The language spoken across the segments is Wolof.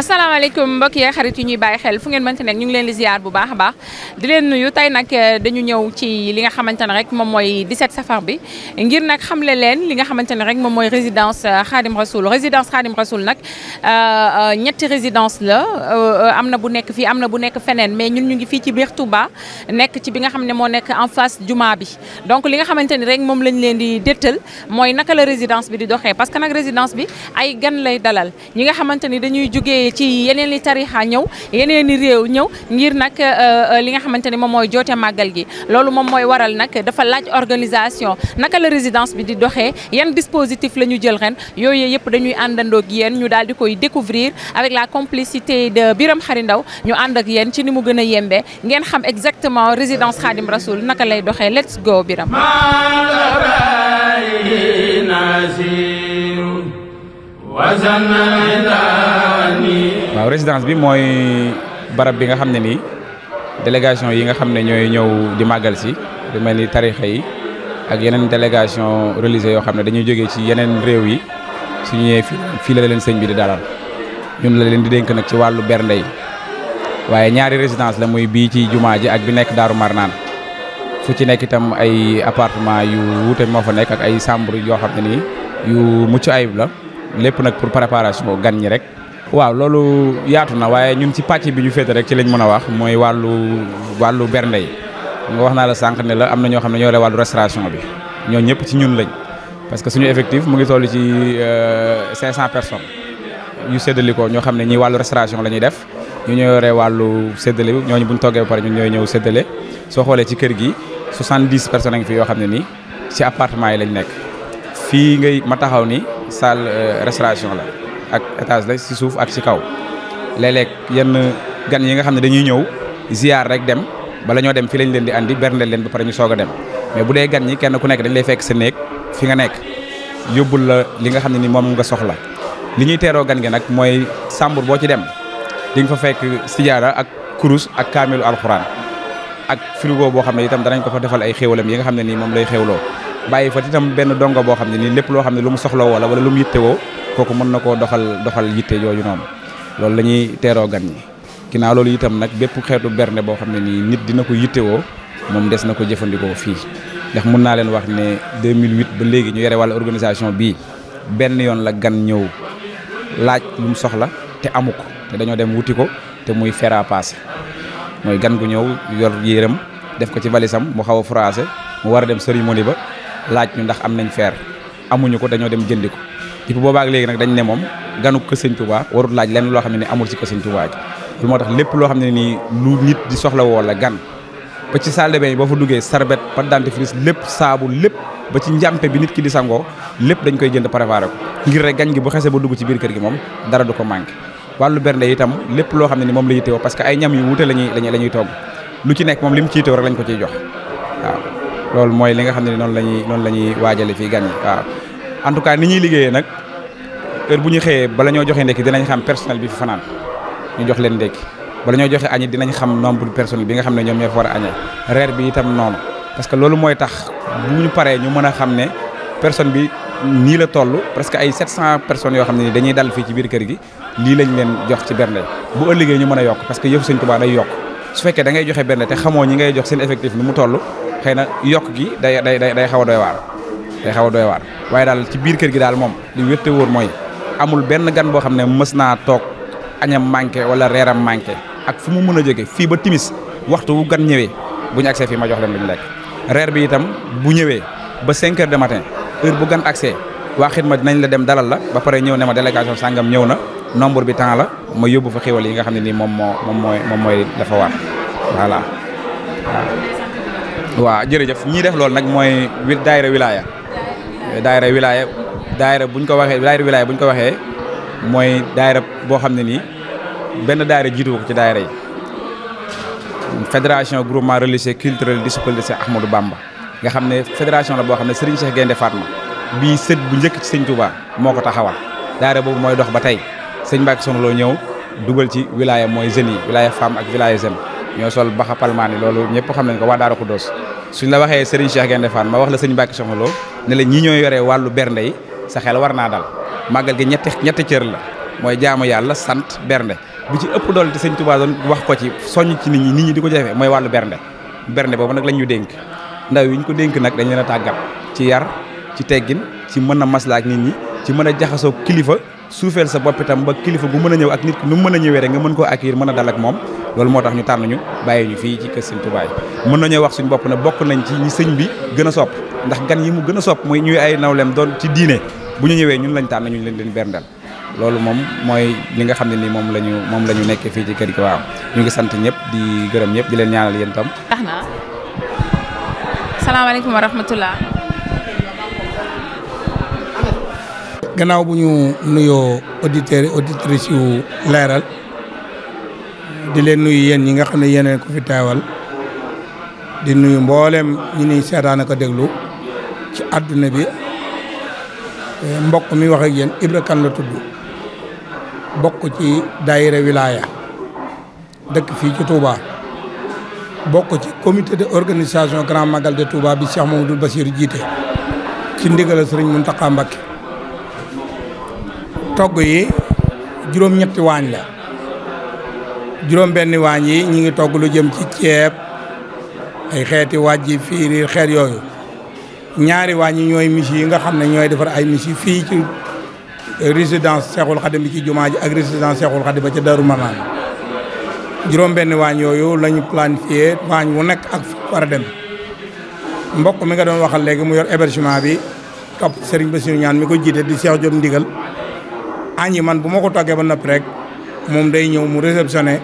asalaamaaleykum mbokk yi xarit yi ñuy bàyyi xel fu ngeen mënti nekk ñu ngi leen di ziar bu baax a baax di leen nuyu tey nag eh, dañu ñëw ci li nga xamante ne rek moom mooy 17 safar bi ngir nag xamle leen li nga xamante ne rek moom mooy résidence eh, Khadim Rasoul résidence Khadim Rasoul nag eh, ñetti résidence la am na bu nekk fii am na bu nekk feneen mais ñun ñu ngi fii ci biir Touba nekk ci bi nga xam ne moo nekk en face juma bi donc li nga xamante ni rek moom lañ leen di dëttal mooy naka la résidence bi di doxee parce que nag résidence bi ay gan lay dalal ñi nga xamante ni dañuy jógee jógee ci yeneen i tarixa ñëw yeneen i réew ñëw ngir nag euh, euh, li nga xamante ni moom mooy joote màggal gi loolu moom mooy waral nag dafa laaj organisation naka la résidence bi di doxee yan dispositif la ñu jël ren yooyu yëpp dañuy àndandoo ak yéen ñu daal di koy découvrir avec la complicité de Biram Xari Ndaw ñu ànd ak yéen ci ni mu gën a yembee ngeen xam exactement résidence Khadim Rasoul naka lay doxee let's go Biram waaw résidence bi mooy barab bi nga xam ne nii délégation yi nga xam ne ñooy ñëw di màggal si lu mel ni tarixa yi ak yeneen délégation religieux yoo xam ne dañuy jóge ci yeneen réew yi si ñëwee fii la leen sëñ bi di dalal ñun la leen di dénk nag ci wàllu bernde yi waaye ñaari résidence la muy bii ci jumaa ji ak bi nekk Daaru Marnaan fu ci nekk itam ay appartement yu wuute moo fa nekk ak ay chambre yoo xam ne nii yu mucc ayub la lépp nag pour préparation gan ñi rek. waaw loolu yaatu na waaye ñun ci pàcc bi ñu féete rek ci lañ mën a wax mooy wàllu wàllu bernde yi nga wax naa la sànq ne la am na ñoo xam ne ñoo yore wàllu restauration bi ñoo ñëpp ci ñun lañ parce que suñu effectif mu ngi toll ci 500 euh, personnes yu séddali ko ñoo xam ne ñii wàllu restauration la ñuy def ñu ñoo yore wàllu seddale ñooñu bu ñu toggee ba pare ñu ñooy ñëw séddale soo xoolee ci kër gi 70 personnes a ngi fi yoo xam ne nii ci appartement yi lañ nekk fii ngay ma taxaw ni salle euh, restauration la ak étage la si suuf ak si kaw léeg yenn gan yi nga xam ne dañuy ñëw ziar rek dem bala ñoo dem fi lañ leen di andi berndeel leen ba pare ñu soog a dem mais bu dee gan ñi kenn ku nekk dañ lay fekk sa néeg fi nga nekk yóbbul la li nga xam ne ni moom nga soxla li ñuy teeroo gan gi nag mooy sàmbur boo ci dem di nga fa fekk sijaara ak kurus ak kaamilu alxuraan ak frigo boo xam ne itam danañ ko fa defal ay xéewalam yi nga xam ne ni moom lay xéewloo bàyyi fa itam benn dongo boo xam ne nii lépp loo xam ne lu mu soxla woo la wala lu mu yitte woo kooku mën na koo doxal doxal yitte yooyu noonu loolu la ñuy teeroo gan ñi ginnaaw loolu itam nag bépp xeetu bernde boo xam ne nii nit dina ko yitte woo moom des na ko jëfandikoo fii ndax mun naa leen wax ne 2008 ba léegi ñu yore wàllu organisation bii benn yoon la gan ñëw laaj lu mu soxla te amu ko te dañoo dem wuti ko te muy fera passé mooy gan gu ñëw yor yéeram def ko ci valisam mu xaw a froissé mu war a dem cérémonie ba laaj ñu ndax am nañ feer amuñu ko dañoo dem jëndi ko depuis boobaak léegi nag dañ ne moom ganu kër sëñ Touba warut laaj lenn loo xam ne ni amul si kër sëñ Touba ji loolu moo tax lépp loo xam ne nii lu nit di soxla woo la gan ba ci salle de bain fa duggee sarbet pâte dentifrice lépp saabu lépp ba ci njàmpe bi nit ki di sangoo lépp dañ koy jënd préparé ko ngir rek gan gi bu xese ba dugg ci biir kër gi moom dara du ko manqué wàllu bernde itam lépp loo xam ne ni moom la yittewoo parce que ay ñam yu wuute lañuy la ñuy togg lu ci nekk moom li mu ci yittewoo rek lañ ko ciy jox loolu mooy li nga xam ne noonu la ñuy noonu la ñuy waajale fii gan yi waaw en tout cas ni ñuy liggéeyee nag heure bu ñu xëyee bala ñoo joxe ndekki dinañ xam personnel bi fi fanaan ñu jox leen ndekki bala ñoo joxe añi dinañ xam nombre personnel bi nga xam ne ñoom ñoo fa war a añee reer bi itam noonu parce que loolu mooy tax bu ñu paree ñu mën a xam ne personne bi nii la toll presque ay 700 personnes yoo xam ne ni dañuy dal fii ci biir kër gi lii lañ leen jox ci bernde ñu mën a yokk parce que yëfu Sëñ Tuubaa day su fekkee da ngay joxe benn te xamoo ñi ngay jox seen effectif nu mu tollu xëy na yokk gi day day day xaw doy waar day xaw doy waar waaye daal ci biir kër gi daal moom li wétte wóor mooy amul benn gan boo xam ne mës naa toog añam manqué wala reeram manqué ak fu mu mën a jóge fii ba timis waxtu wu gan ñëwee bu ñu fii ma jox leen lu lekk reer bi itam bu ñëwee ba 5 heures de matin heure bu gan agsee waa xidma dinañ la dem dalal la ba pare ñëw ne ma délégation sàngam ñëw na nombre bi temps la mooy yóbbu fa xéwal yi nga xam ne nii moom moom mooy moom mooy dafa war voilà waaw. waaw jërëjëf ñii def loolu nag mooy daayira wilaaya daayira wilaaya daayira buñ ko waxee daayira wilaaya buñ ko waxee mooy daayira boo xam ne nii benn daayira jiitu ci daayira yi. fédération groupement religieux culturel disciple de Cheikh Ahmadou Bamba nga xam ne fédération la boo xam ne Serigne Cheikh Gaynde Fatma bii sët bu njëkk ci Sëñ Touba moo ko taxawal daayira boobu mooy dox ba tey. sëñ Mbacke Soxna Lo ñëw dugal ci wilaya mooy jeunes yi wilaya femme ak wilaya jeune ñoo sol baxa palmaani loolu ñëpp xam nañ ko waa Daaru Xuddoos suñ la waxee Serigne Cheikh Gaïndé Fatma ma wax la sëñ Mbacke Soxna Lo ne la ñi ñoo yoree wàllu bernde yi sa war naa dal màggal gi ñetti ñetti cër la mooy jaamu yàlla sant bernde bu ci ëpp doole te sëñ Touba doon wax ko ci soññ ci nit ñi nit ñi di ko jafe mooy wàllu bernde bernde boobu nag lañ ñu dénk ndaw yi ñu ko dénk nag dañ leen a tàggat ci yar ci teggin ci mën a maslaa ak nit ñi ci mën a jaxasoo kilifa suufeel sa bopp itam ba kilifa gu mën a ñëw ak nit nu mën a ñëwee rek nga mën koo accueillir mën a dal ak moom loolu moo tax ñu tànn ñu bàyyi ñu fii ci kër Sëñ Tuubaa yi mën nañoo wax suñu bopp ne bokk nañ ci ñi sëñ bi gën a sopp ndax gan yi mu gën a sopp mooy ñuy ay nawleem doon ci diine bu ñu ñëwee ñun lañ tànn ñu leen leen berndal loolu moom mooy li nga xam ne ni moom la ñu moom la ñu nekkee fii ci kër gi waaw ñu ngi sant ñëpp di gërëm ñëpp di leen ñaanal yéen tam. gannaaw bu ñu nuyoo auditeurs et auditrices yu leeral di leen nuyu yéen ñi nga xam ne yeneen ko fi teewal di nuyu mboolem ñi ni seetaan ak a déglu ci àdduna bi mbokk mi wax ak yéen Ibra Kane la tudd bokk ci daayira wilaya dëkk fii ci Touba bokk ci comité de organisation Grand Magal de Touba bi Cheikh du Bassirou jiite ci ndigal Sëriñ Mountakha Mbacké togg yi juróom-ñetti waañ la juróom benn waañ yi ñi ngi togg lu jëm ci ceeb ay xeeti wàjji fiiri xeet yooyu ñaari waañ yi ñooy miss yi nga xam ne ñooy defar ay miss fii ci résidence Seexul Xadim bi ci jumaa ji ak résidence Seexul Xadim ba ci Daaru Manaan juróom benn waañ yooyu la ñu planifié waañ wu nekk ak war a dem mbokk mi nga doon waxal léegi mu yor hébergement bi topp ba Bassirou ñaan mi ko jiite di Cheikh Diop ndigal añ yi man bu ma ko toggee ba noppi rek moom day ñëw mu réceptionné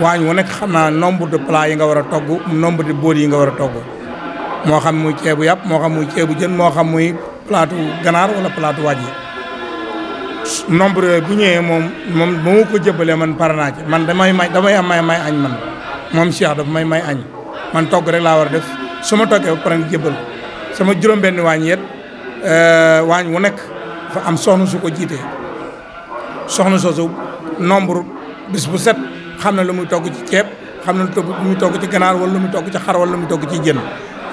waañ wu nekk xam naa nombre de plat yi nga war a togg nombre de bool yi nga war a togg moo xam muy ceebu yàpp moo xam muy ceebu jën moo xam muy plaatu ganaar wala plaatu waaj yi nombre yooyu bu ñëwee moom moom ba ma ko jëbalee man pare naa ci man damay may damay am may may añ man moom Cheikh dafa may may añ man togg rek laa war a def su ma toggee ba pare jëbal sama juróom-benn waañ yet euh, waañ wu nekk fa am soxna su ko jiitee soxna soosu nombre bis bu set xam na lu muy togg ci ceeb xam na lu muy togg ci ganaar lu muy togg ci xar wala lu muy togg ci jën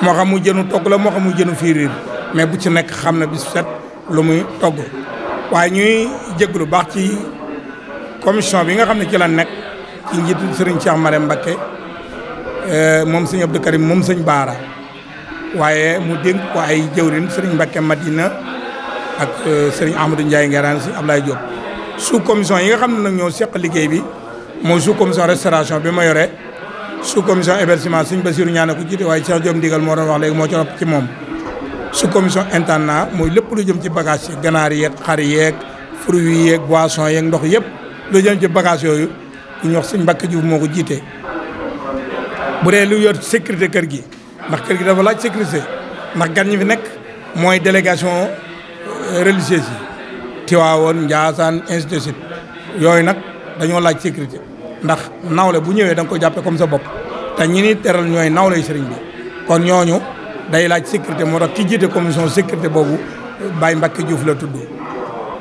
moo xam muy jënu togg la moo xam muy jënu fiiriir mais bu ci nekk xam na bis bu set lu muy togg waaye ñuy jéglu baax ci commission bi nga xam ne ci la nekk ci njiitu Serigne Cheikh Marème Mbacké euh, moom sëñ Abdou Karim moom sëñ Baara waaye mu dénk ko ay sëriñ mbake Mbacké Madina ak euh, Serigne Amadou Ndiaye Ngeraan si Ablaye Diop sous commission yi nga xam ne nag ñoo seq liggéey bi mooy sous commission restauration bi ma yore sous commission hébergement suñ Basiru ñaan ko jiite waaye Cheikh Diop ndigal moo doon wax léegi moo ci topp commission intendant mooy lépp lu jëm ci bagage yi ganaar yeeg xar yeeg fruits yeeg boissons yeeg ndox yëpp lu jëm ci bagage yooyu ñu wax suñ Mbàkke Juuf moo ko jiite. bu dee lu yor sécurité kër gi ndax kër gi dafa laaj sécurité ndax gan ñi fi nekk mooy délégation religieuse yi. Tiwaawoon Njaasaan ainsi de suite yooyu nag dañoo laaj sécurité ndax nawle bu ñëwee da ko jàppe comme sa bopp ta ñi ni teral ñooy nawley sëriñ bi kon ñooñu day laaj sécurité moo tax ki jiite commission sécurité boobu Baye Mbacké Diouf la tudd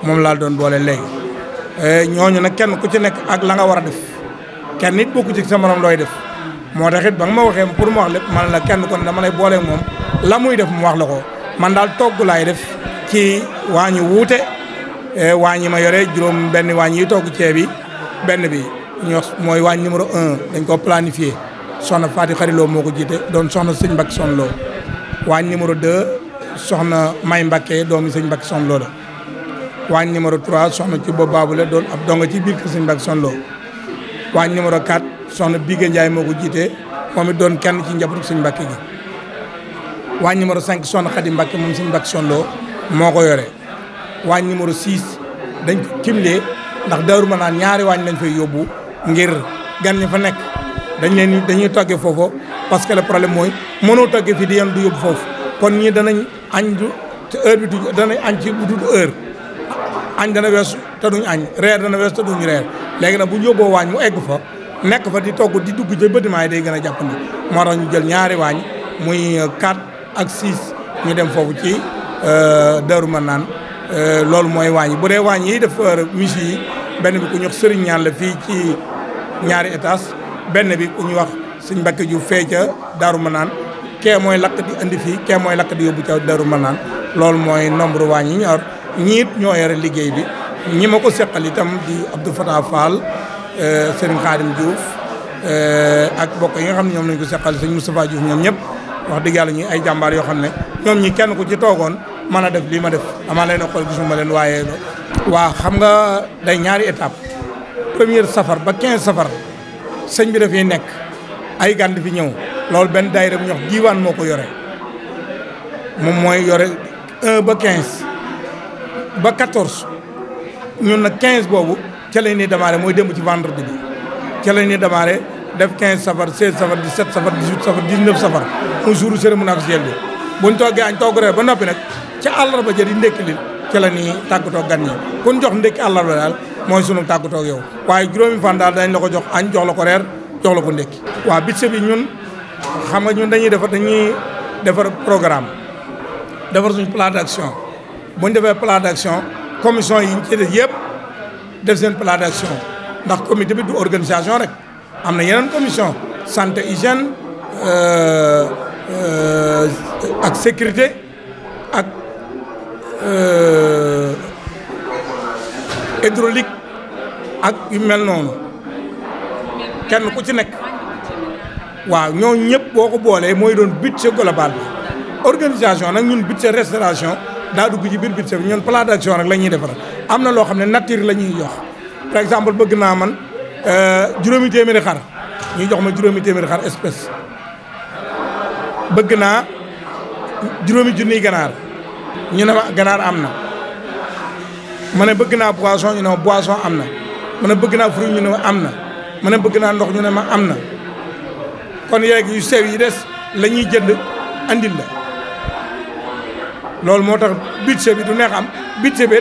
moom laal doon boole léegi. Eh, ñooñu na kenn ku ci nekk ak la nga war a def kenn nit bokku ci sa morom looy def moo tax it ba nga ma waxee pour mu wax lépp man la kenn kon dama lay booleeg moom la muy def mu wax la ko man daal togg laay def ci Eh, waañ yi ma yore juróom benn waañ yi togg ceeb yi benn bi ñu mooy waañ numéro un dañ ko planifié soxna Faati Xariloo moo ko jiite doon soxna sëñ Mbacke Soxna Lo waañ numéro deux soxna May Mbacke doomi sëñ Mbacke Soxna la waañ numéro trois soxna ci boobu baabu la doon ab dongo ci biir kër sëñ Mbacke Soxna Lo waañ numéro quatre soxna Bigé Ndiaye moo ko jiite moom doon kenn ci njabootu sëñ Mbacke gi waañ numéro cinq soxna Xadi Mbacke moom sëñ Mbacke Soxna Lo moo ko yore waañ numéro 6 dañ ko kimlee ndax Daaru Manaan ñaari waañ lañ fay yóbbu ngir gan ñu fa nekk dañ leen dañuy togge foofu parce que le problème mooy mënoo togge fii di yem du yóbbu foofu kon ñii danañ añ du te heure bi du danañ añ ci bu dul dana weesu te duñ añ reer dana weesu te duñ reer léegi nag bu ñu yóbboo waañ mu egg fa nekk fa di togg di dugg ci bâtiment yi day gën a jàppandi moo tax ñu jël ñaari waañ muy 4 euh, ak 6 ñu dem foofu ci euh, Daaru Manaan Euh, loolu mooy wàññi bu dee wàññi yi def miche yi benn bi ku ñu wax Serigne Ñaan la fii ci ñaari étage benn bi ku ñu wax suñ Mbàkke ju fee ca Daaru Manaan kee lakk di indi fii kee mooy lakk di yóbbu ca Daaru Manaan loolu mooy nombre wàññi yi ñu or ñiit ñoo yore liggéey bi ñi ma ko seqal tam di Abdou Fatah Fall euh, Serigne Khadim Diouf euh, ak bokk yi nga xam ne ñoom lañ ko seqal sëñ Moustapha Diouf ñoom ñëpp wax dëgg yàlla ñuy ay jàmbaar yoo xam ne ñoom ñi kenn ku ci toogoon mën a def lii ma def dama leen a xool gisuma leen waaye waa xam nga day ñaari étape première safar ba quinze safar sëñ bi dafay nekk ay gan di fi ñëw loolu benn daayira bu ñuy diiwaan moo ko yore moom mooy yore un ba quinze ba quatorze ñun nag quinze boobu ca lañ ni mooy démb ci vendredi bi ca lañ ni démarré def 15 safar 16 safar 17 safar 18 safar 19 safar un jour cérémonie officielle bi buñ toogee añ togg reer ba noppi nag ca àllarba ja di ndékki li ci la nii tàggatoo gan ñi kun jox ndékki àllarba daal mooy sunu tàggatoo yow waaye juróomi fan daal dañ la ko jox añ jox ko reer jox la ko ndékki waaw budget bi ñun xam nga ñun dañuy defar dañuy defar programme defar suñu plan d'action bu ñu defee plan d'action commission yi ñu ci def yëpp def seen plan d'action ndax comité bi du organisation rek am na yeneen commission santé hygiène euh, euh, ak sécurité Euh, hydraulique ak mel noonu kenn ku ci nekk waaw ñoo ñëpp boo ko boolee mooy doon budget global organisation nag ñun budget restauration daa dugg ci biir budget bi ñun plan d'action rek la ñuy defar am na loo xam ne nature la ñuy jox par exemple bëgg naa man euh, juróomi téeméeri xar ñuy jox ma juróomi téeméeri xar espèce bëgg naa juróomi junniy ganaar ñu ne ma ganaar am na ma ne bëgg naa boisson ñu ne ma boisson am na ma ne bëgg naa fruit ñu ne ma am na ma ne bëgg naa ndox ñu ne ma am na kon yeeg yu sew yi des la ñuy jënd andil la loolu moo tax budget bi du neex am budget bi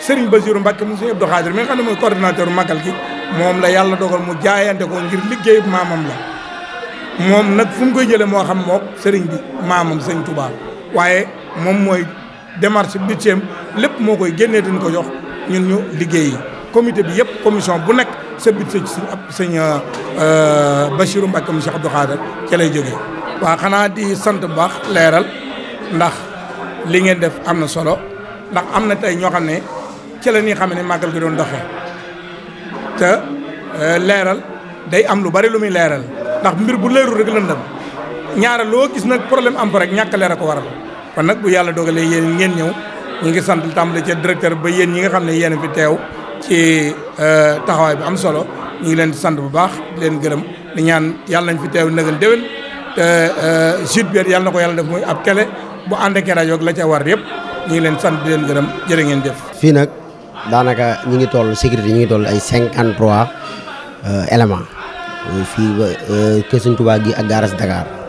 Serigne Bassirou Mbacké mu Serigne Abdou Khadir mi mooy coordinateur magal gi moom la yàlla dogal mu jaayante ko ngir liggéey maamam la moom nag fu mu koy jëlee moo xam mook sëriñ bi maamam Serigne Touba waaye moom mooy démarche budget lépp moo koy génnee dañ ko jox ñun ñu liggéey commité bi yëpp commission bu nekk sa budget ci sëñ euh, euh, Bachirou Mbacké mu Cheikh Abdou Khadre ca lay jógee. waa xanaa di sant bu baax leeral ndax li ngeen def am na solo ndax am na tey ñoo xam ne ca la ñuy xam ne màggal gi doon doxe te euh, leeral day am lu bari lu muy leeral ndax mbir bu leerul rek lëndëm ñaara loo gis nag problème am fa rek ñàkk leera ko waral. kon nag bu yàlla dogalee yéen ngeen ñëw ñu ngi sant tàmbale ca directeur ba yéen ñi nga xam ne yéen fi teew ci euh, taxawaay bi am solo ñu ngi leen di sant bu baax di leen gërëm di ñaan yàlla nañ fi teew nagal déwén te euh, sud biir yàlla na ko yàlla def muy ab télé bu ànd ak rajo la ca war yëpp ñu ngi leen sant di leen gërëm jërë ngeen def fii nag daanaka ñu ngi toll sécurité ñi ngi tool ay cinquante trois euh, éléments fii ba gi ak gaaras Dakar.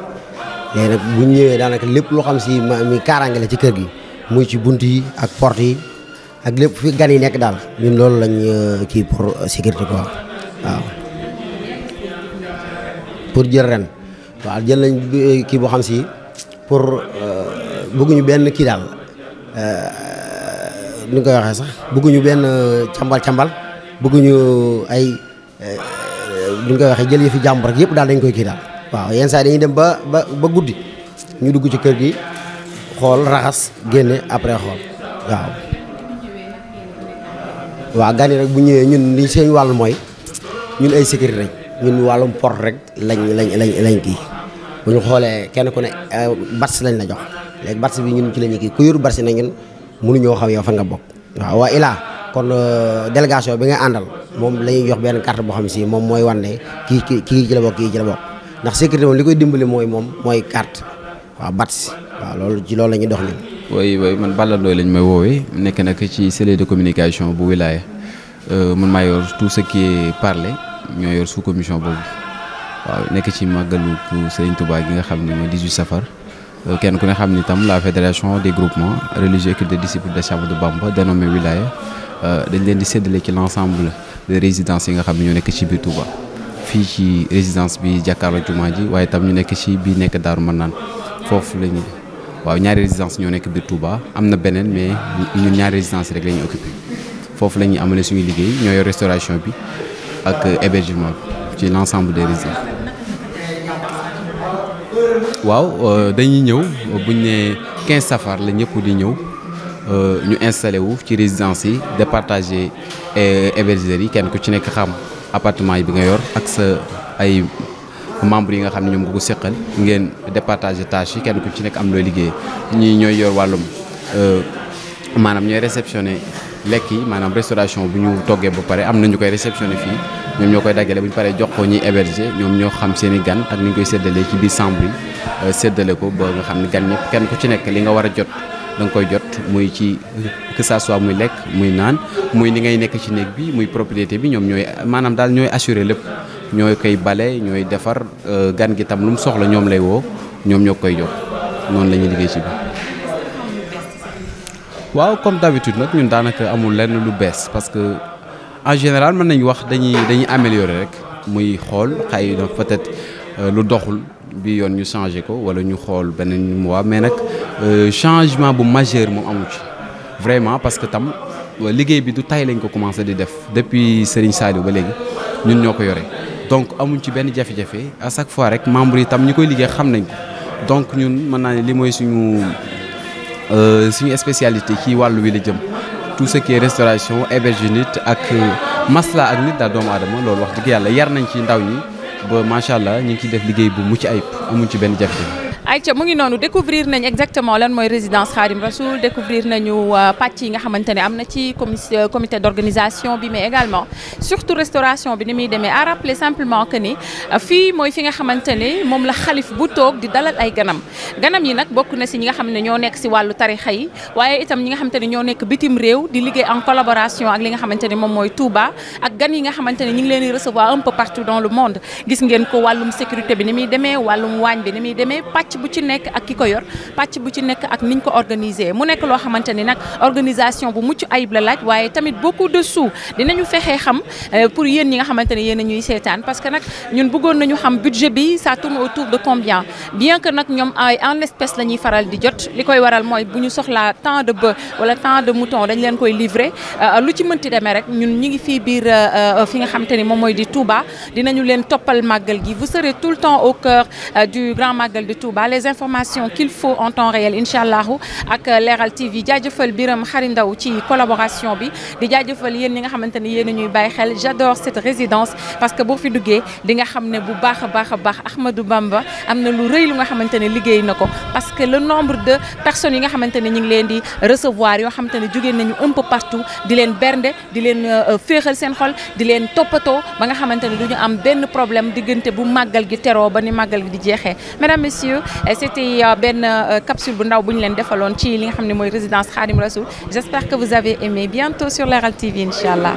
léegi nag bu ñëwee daanaka lépp loo xam si ma mi kaaraange la ci kër gi muy ci bunt yi ak porte yi ak lépp fi gan yi nekk daal ñun loolu lañ euh, kii pour sécurité quoi waaw pour jël ren waaw jël nañ euh, kii boo xam si pour euh, bëgguñu benn kii daal nu koy waxee sax bëgguñu benn càmbal cambal bëgguñu ay nu ñu koy waxee jël yëfi jàmbur rek yëpp daal dañ koy kii daal. waaw yenn saa dañuy dem ba ba ba guddi ñu dugg ci kër gi xool raxas génne après xool waaw. waaw gan yi rek bu ñëwee ñun li seen wàll mooy ñun ay sécurité lañ ñun wàllum port rek lañ lañ lañ lañ kii bu ñu xoolee kenn ku ne euh, bats lañ na jox léegi bats bi ñun ci lañu kii ku yor bats na ñun mënuñoo xam yow fan nga bokk. waaw waa ilaa kon euh, délégation bi nga àndal moom la ñuy jox benn carte boo xam si moom mooy wan ne kii kii kii ci la bokk kii ci la bokk. ndax sécurité moom li koy dimbali mooy moom mooy carte waaw bat si waaw loolu loolu la ñuy dox ñun. oui oui man Balla Ndoye lañ may woowee nekk nag ci cellule de communication bu wilaya euh, man maa yor tout ce qui est parlé ñoo yor sous commission boobu waaw nekk ci màggalu Serigne Touba gi nga xam ni mooy 18 safar. Euh, kenn ku ne xam ni tam la fédération des groupements religieux et des disciples de Cheikh Ahmadou Bamba dénommé wilaya euh, dañ leen di séddale ci l' ensemble yi nga xam ne ñoo nekk ci biir Touba. fii ci résidence bi jàkkaarloo jumaa ji waaye tam ñu nekk ci bii nekk Daaru Marnaan foofu la ñu waaw ñaari résidence ñoo nekk biir Touba am na beneen mais ñun ñaari résidence rek la ñu foofu la ñuy amalee suñu liggéey ñoo yor restauration bi ak hébergement bi ci l'ensemble des résidences waaw euh, dañuy ñëw buñ ne 15 safar la ñëpp di ñëw euh, ñu installé wu ci résidence yi départagé euh, hébergeurs yi kenn ku ci nekk xam appartement yi bi nga yor ak sa ay membre yi nga xam ne ñoom nga ko seqal ngeen départager tâche kenn ku ci nekk am loo liggéey ñii ñooy yor wàllum euh, maanaam ñooy réceptionné lekk yi maanaam restauration bu ñu toggee ba pare am na ñu koy réceptionné fii ñoom ñoo koy daggale bu ñu paree jox ko ñuy héberger ñoom ñoo xam seen i gan ak ni ñu koy séddalee ci biir chambre yi euh, séddale ko ba nga xam ne gan ñëpp kenn ku ci nekk li nga war a jot da koy jot muy ci que ça muy lekk muy naan muy ni ngay nekk ci néeg bi muy propriété bi ñoom ñooy maanaam daal ñooy assurer lépp ñoo koy bale ñooy defar euh, gan gi tam lu mu soxla ñoom lay woo ñoom ñoo koy jox noonu la ñuy liggéey ci bi. waaw comme d'habitude nag ñun daanaka amul lenn lu bees parce que en général mën nañu wax dañuy dañuy améliorer rek muy xool xëy na peut-être. Euh, lu doxul bi yoon ñu changé ko wala ñu xool beneen mois mais nag euh, changement bu majeur mu amul ci vraiment parce que tam euh, liggéey bi du tay lañ ko commencé di def depuis Serigne Saliou ba léegi ñun ñoo ko yore donc amuñ ci benn jafe-jafe à chaque fois rek membre yi tam ñi koy liggéey xam nañ ko donc ñun mën naa ne li mooy suñu suñu spécialité ci wàllu wi la jëm tout ce qui est restauration héberge nit ak masla ak nit daal doomu aadama loolu wax dëgg yàlla yar nañ ci ndaw ñi boo macha allah ñu ngi ciy def liggéey bu mucc ayib amuñ ci benn jafe-jafe ayca mu ngi noonu découvrir nañ exactement lan mooy résidence Khadim Rasoul découvrir nañu euh, pàcc yi nga xamante ne am na ci comi euh, comité d' organisation bi mais également surtout restauration bi ni muy demee à rappeler simplement que ni euh, fii mooy fi nga xamante ne moom la xalif bu toog di dalal ay ganam ganam yi nag bokk na si ñi nga xam ne ñoo nekk si wàllu tarixa yi waaye itam ñi nga xamante ne ñoo nekk bitim réew di liggéey en collaboration ak li nga xamante ne moom mooy Touba ak gan yi nga xamante ne ñi ngi leen di recevoir un peu partout dans ni muy demee wàllum waañ bi ni muy demee pàcc bu ci nekk ak ki ko yor pàcc bu ci nekk ak niñ ko organiser mu nekk loo xamante ni nag organisation bu mucc ayib la laaj waaye tamit beaucoup de sous ñu fexee xam euh, pour yéen ñi nga xamante ne yéen a ñuy seetaan parce que nag ñun bëggoon nañu xam budget bi ça tourne autour de combien bien que nag ñoom ay en espèce la ñuy faral di jot li koy waral mooy bu ñu soxlaa tant de bœuf wala tant de mouton dañ leen koy livrer euh, lu ci mënti demee rek ñun ñi ngi fii biir euh, fi nga xamante ni moom mooy di Touba dinañu leen toppal màggal gi vous serez le temps les informations qu'il faut en temps réel incha allahu ak Leral TV jaajëfal Biram Khary Ndao ci collaboration bi di jaajëfal yéen ñi nga xamante ne yéen a ñuy bàyyi xel j'adore cette résidence parce que boo fi duggee di nga xam ne bu baax a baax a baax Ahmadou Bamba am na lu rëy lu nga xamante ne liggéey na ko parce que le nombre de personnes yi nga xamante ne ñu ngi leen di recevoir yoo xamante ne jógee nañu un peu partout di leen bernde di leen euh, féexal seen xol di leen toppatoo ba nga xamante ne du ñu am benn problème diggante bu màggal gi teroo ba ni màggal gi di jeexee Euh, c'était euh, benn euh, capsule bu ndaw bu ñu leen defaloon ci li nga xam ne mooy résidence Khadim Rasoul j'espère que vous avez aimé bientôt sur Leral TV incha allah